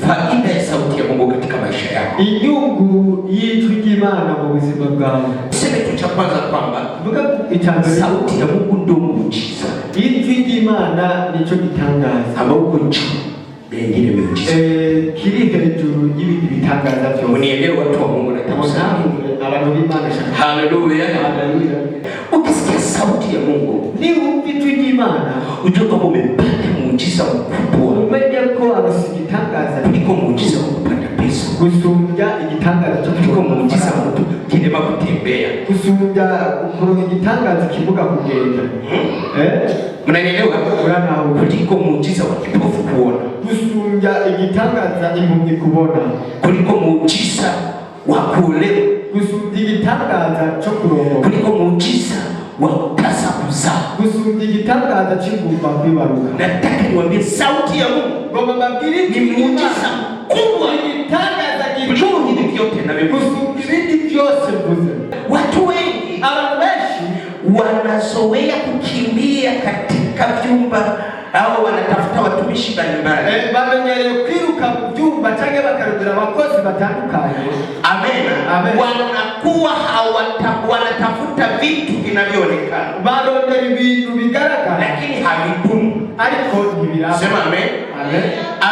Faida ya sauti ya Mungu katika maisha yako. Inyungu yitwijimana mu buzima bwawe. Useme kitu cha kwanza kwamba sauti ya Mungu ndio muujiza. Yitwijimana nicho gitangaza. Aba uko juu bengine miujiza. Eh, kiri hejuru y'ibindi bitangaza vyo. Unielewe watu wa Mungu na kanisa. Haleluya. Haleluya. Ukisikia sauti ya Mungu ni upi tujimana ujue kwamba umepata muujiza mkubwa umenye ko arasigitangaza kuliko muujiza wa kupata pesa gusumbya igitangaza cyo kuliko muujiza wa kirema kutembea gusumbya kuronka igitangaza kivuga kugenda hmm? eh mnanielewa uranaho kuliko muujiza wa kipofu kuona gusumbya igitangaza impumyi kubona kuliko muujiza wa kuolewa gusumbya igitangaza cyo kuronka kuliko muujiza wa kutasa gusumba igitangaza cy'ingumba kwibaruka nataka niwaambie sauti ya Mungu ngoma mabiri ni muujiza kubwa itangaza juu ni vyote na gusumba ibindi vyose mbuzi. watu wengi abantu benshi wanazoea kukimbia katika vyumba au wanatafuta watumishi mbalimbali eh, bamenyereye kwiruka mu vyumba canke bakarugura batandukanye amen wanakuwa wanatafuta vitu vinavyoonekana ndio vitu vigaraka lakini havidumu ariko ntibiraba sema amen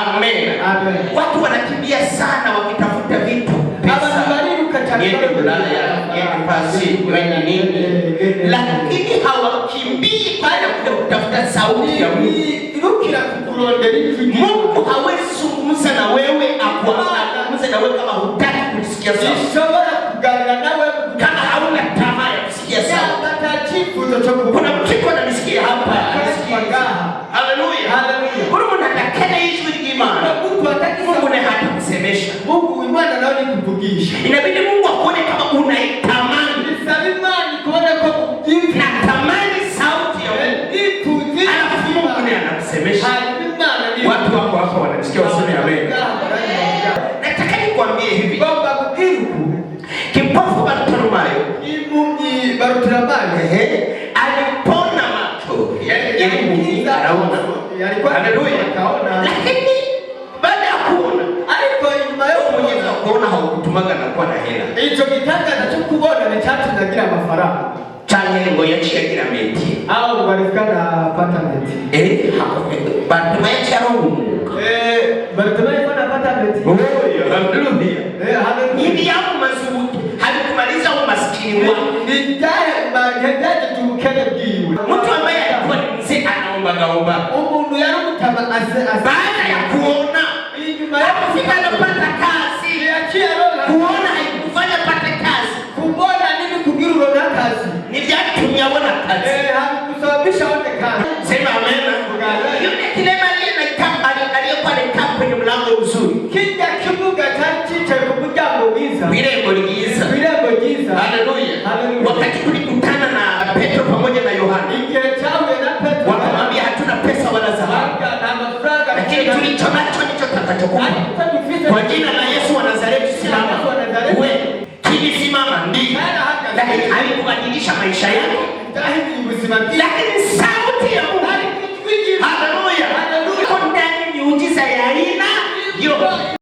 amen amen watu wanakimbia sana wakitafuta vitu pesa yeye kulala yake nafasi kwenye nini, lakini hawakimbii pale kuja kutafuta sauti ya Mungu. Mungu hawezi zungumza na wewe akuangamize na wewe kama hutaki kusikia sauti, kama hauna tamaa ya kusikia sauti. kumvugisha. Inabidi Mungu akuone kama unaitamani. Ni salima kwa kujibu. Natamani sauti ya eh, Mungu. Alafu Mungu ndiye anakusemesha. Watu wako hapa wanasikia waseme amen. Nataka nikwambie hivi. Baba kujibu. Kipofu Bartimayo. Kimungi Bartimayo. Ehe. Alipona macho. Yaani kimungi anaona. Alikuwa akaona. Lakini na kuwa na hela icyo gitangaza cyo kubonana cyatundagira amafaranga canke ngo kila meti aho barikana patamenti eh bartuma eh, oh, eh, ya aronga umwuga eh bartuma yaciye aronga ya oya haleluya eh haleluya hivi yangu mazuki halikumaliza umaskini wako nitaye mahitaji tukele bwiwe mtu ambaye alikuwa ni mzee anaomba omba umuntu yarumutaba baada ya kuona inyuma yako fika na wakati tulikutana na Petro pamoja na Yohana, wakamwambia hatuna pesa wala zahabu, lakini tulicho nacho ndicho tutakachokupa. Kwa jina la Yesu wa Nazareti, simama uwe. Kilisimama ndiyo, lakini alikubadilisha maisha yake, lakini sauti ya Mungu, haleluya, ndani miujiza ya aina yote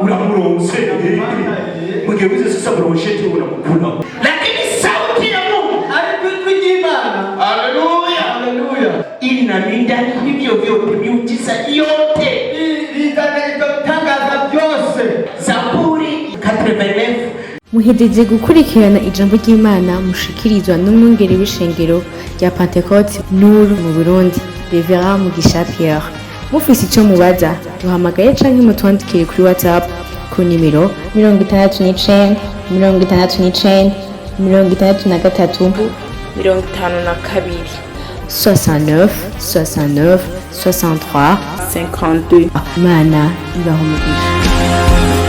unakuronseye mugeuze sasa lakini sauti ya Mungu Haleluya. Haleluya. hivyo miujiza yote Zaburi katrebelefu muhejeje gukurikirana ijambo ry'Imana mushikirizwa n'umwungeri w'ishengero rya Pentecote Nuru mu Burundi Reverend Mugisha Pierre mufise icyo mubaza duhamagaye canke mutwandikire kuri whatsapp ku nimero mirongo itandatu n'icenda mirongo itandatu n'icenda mirongo itandatu na gatatu mirongo itanu na kabiri 69 69 63 52 mana ibaho umugisha